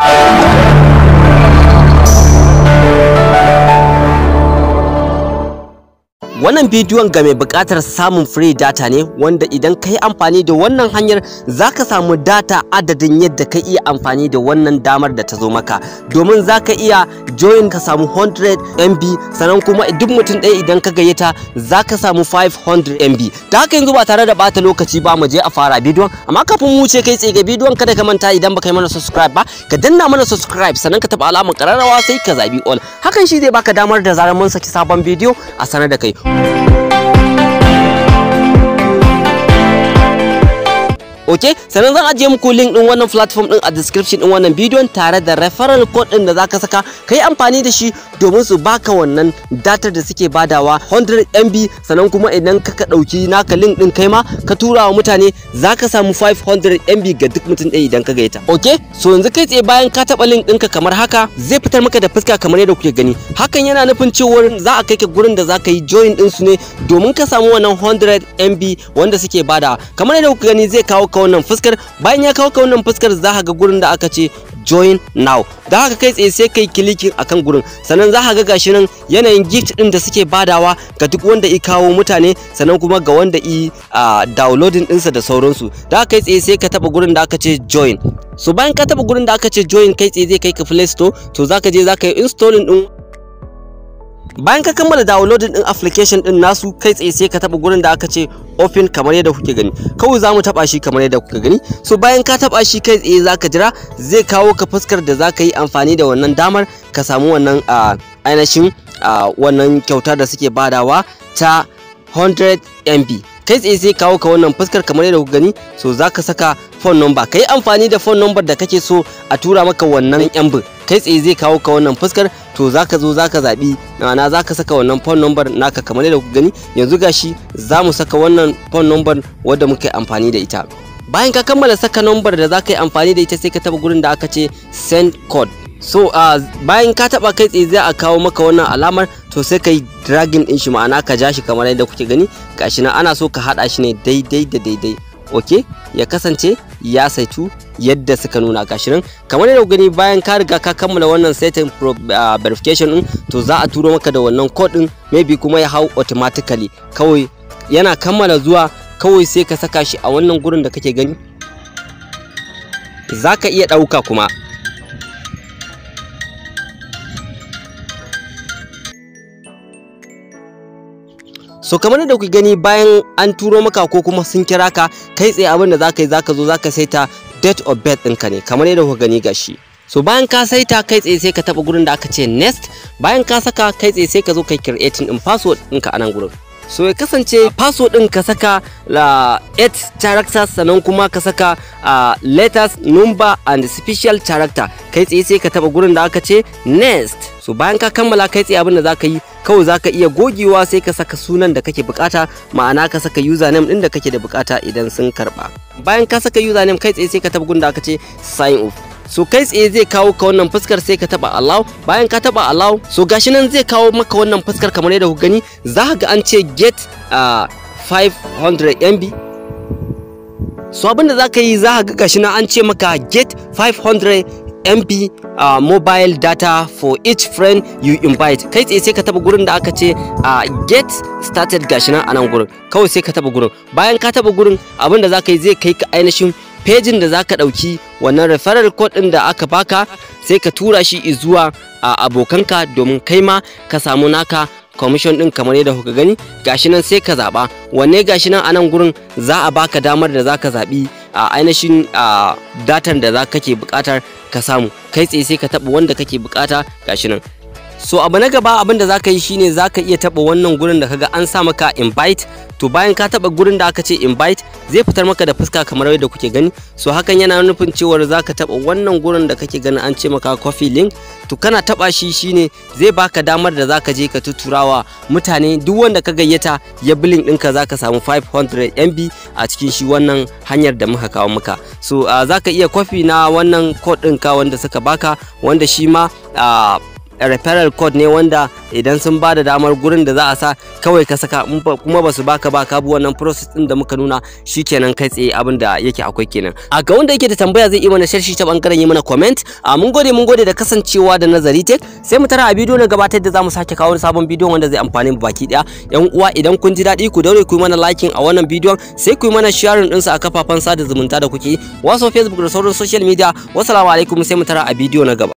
you wannan bidiyon ga mai buƙatar samun free data ne wanda idan ka yi amfani da wannan hanyar za ka samu data adadin yadda ka iya amfani da wannan damar da ta zo maka domin za ka iya join ka samu 100 mb sannan kuma duk mutum ɗaya idan ka gayyata za ka samu 500 mb da haka yanzu ba tare da bata lokaci ba mu je a fara bidiyon amma kafin mu wuce kai tsaye ga bidiyon kada ka manta idan baka yi mana subscribe ba ka danna mana subscribe sannan ka taɓa alamar ƙararrawa sai ka zabi all hakan shi zai baka damar da zarar mun saki sabon bidiyo a sanar da kai ok sannan zan ajiye muku link din wannan platform din a description din wannan bidiyon tare da referral code din da zaka saka kai amfani da shi domin su baka wannan datar da suke badawa 100 MB sannan kuma idan ka dauki naka link din kai ma ka tura wa mutane zaka samu 500 MB ga duk mutum ɗaya idan ka gaita ok so yanzu kai tsaye bayan ka taba link ka kamar haka zai fitar maka da fuska kamar yadda kuke gani hakan yana nufin cewa za a kai ka gurin da za ka yi join ɗinsu ne domin ka samu wannan 100 MB wanda suke badawa kamar yadda kuke gani zai kawo ka wannan fuskar bayan ya kawo ka wannan fuskar za ka ga gurin da aka ce join now da haka kai tsaye sai kai kilikin akan gurin sannan za ka ga gashi nan yanayin gift din da suke badawa ga duk wanda i kawo mutane sannan kuma ga wanda i downloading dinsa da sauransu da haka kai tsaye sai ka taba gurin da aka ce join so bayan ka taba gurin da aka ce join kai tsaye zai kai ka play store to zaka je zaka yi installing din bayan ka kammala downloading din application din nasu kai tsaye sai ka taba gurin da aka ce open kamar yadda kuke gani kawai zamu taba shi kamar yadda kuke gani so bayan ka taba shi kai tsaye zaka jira zai kawo ka fuskar da zaka yi amfani da wannan damar ka samu wannan ainihin wannan kyauta da suke badawa ta 100 MB kai tsaye sai kawo ka wannan fuskar kamar yadda ku gani so za ka saka phone number ka yi amfani da phone number da kake so a tura maka wannan yambin kai tsaye zai kawo ka wannan fuskar to za ka zo za ka zaɓi ma'ana za ka saka wannan phone number naka kamar yadda ku gani yanzu gashi za mu saka wannan phone number wadda muka yi amfani da ita bayan ka kammala saka number da za ka yi amfani da ita sai ka taɓa gurin da aka ce send code so uh, bayan ka taba kai tsaye za a kawo maka wannan alamar to sai ka yi dragin din shi ma'ana ka ja shi kamar yadda kuke gani gashi nan ana so ka hada shi ne daidai da daidai ok ya kasance ya saitu yadda suka nuna gashi nan kamar yadda gani bayan ka riga ka kammala wannan setting uh, verification din to za a turo maka da wannan code din maybe kuma ya hau automatically kawai yana kammala zuwa kawai sai ka saka shi a wannan gurin da kake gani za ka iya ɗauka kuma so kamar da ku gani bayan an turo maka ko kuma sun kira ka kai tsaye abin da zaka yi zaka zo zaka saita date of birth ɗinka ne kamar yadda kuka gani gashi so bayan ka saita kai tsaye sai ka taba gurin da aka ce next bayan ka saka kai tsaye sai ka zo kai creating din password ɗinka a nan gurin so ya kasance password din ka saka la 8 characters sannan kuma ka saka letters number and special character kai tsaye sai ka taba gurin da aka ce next so bayan ka kammala kai tsaye abin da zaka yi kawai zaka iya gogewa sai ka saka sunan da kake bukata ma'ana ka saka username din da kake da bukata idan sun karba bayan ka saka username kai tsaye sai ka tafi da aka ce sign up so kai tsaye zai kawo ka wannan fuskar sai ka taba allow bayan ka taba allow so gashi nan zai kawo maka wannan fuskar kamar yadda ku gani za ga an ce get uh, 500 MB so abinda za ka yi za ga gashi nan an ce maka get 500 MB a mobile data for each friend you invite kai tsaye sai ka taba gurin da aka ce a get started gashi nan anan gurin kawai sai ka taba gurin bayan ka taba gurin abin da zaka yi zai kai ka ainihin pejin da za ka ɗauki, wannan referral code din da aka baka sai ka tura shi zuwa uh, abokanka domin kai ma ka samu naka commission din kamar yadda kuka gani gashi nan sai ka zaba wanne gashi nan anan gurin za a baka damar da zaka zaɓi? A ainihin datan da za kake bukatar ka samu kai tsaye sai ka taɓa wanda kake bukata gashi nan so abu na gaba abin da zaka yi shine zaka iya taba wannan gurin da kaga an sa maka invite to bayan ka taba gurin da aka ce invite zai fitar maka da fuska kamar yadda kuke gani so hakan yana nufin cewa zaka taba wannan gurin da kake gani an ce maka coffee link to kana taba shi shine zai baka damar da zaka je ka tuturawa mutane duk wanda ka gayyata ya bilin ɗinka zaka samu 500 MB a cikin shi wannan hanyar da muka kawo maka so uh, zaka iya coffee na wannan code ɗinka wanda suka baka wanda shi ma referral code ne wanda idan sun ba da damar gurin da za a sa kawai ka saka kuma ba su baka ba ka bu wannan process din da muka nuna shikenan kai tsaye abin da yake akwai kenan a ga wanda yake da tambaya zai yi mana sharshi ta bangaren yi mana comment a mun gode mun gode da kasancewa da nazari tech sai mu tara a bidiyo na gabatar da zamu sake kawo sabon bidiyo wanda zai amfani mu baki daya yan uwa idan kun ji daɗi ku daure ku yi mana liking a wannan bidiyon sai ku yi mana sharing sa a kafafen sada zumunta da kuke wasu facebook da sauran social media wassalamu alaikum sai mu tara a bidiyo na gaba